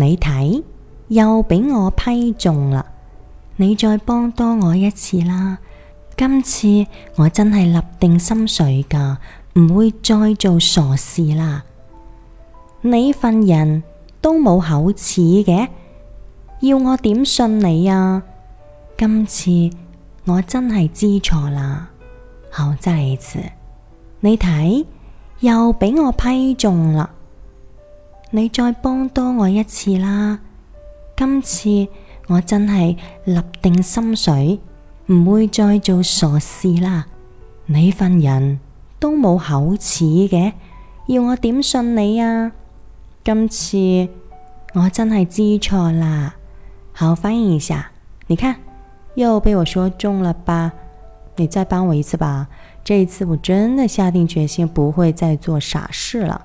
你睇，又俾我批中啦！你再幫多我一次啦，今次我真係立定心水噶，唔會再做傻事啦。你份人都冇口齒嘅，要我點信你啊？今次我真係知錯啦。好，再嚟一次。你睇，又俾我批中啦。你再幫多我一次啦！今次我真係立定心水，唔會再做傻事啦。你份人都冇口齒嘅，要我點信你啊？今次我真係知錯啦。好，翻譯一下，你看又被我說中了吧？你再幫我一次吧，這一次我真的下定決心，不會再做傻事了。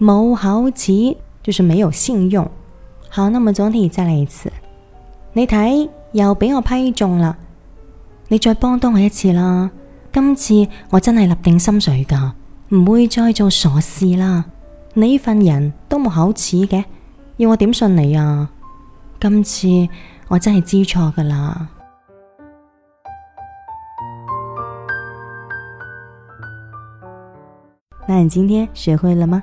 冇口齒，就算、是、沒有信用。好，那麼總體再來一次。你睇，又俾我批中啦！你再幫多我一次啦！今次我真係立定心水㗎，唔會再做傻事啦！你份人都冇口齒嘅，要我點信你啊？今次我真係知錯㗎啦。那你今天學會了嗎？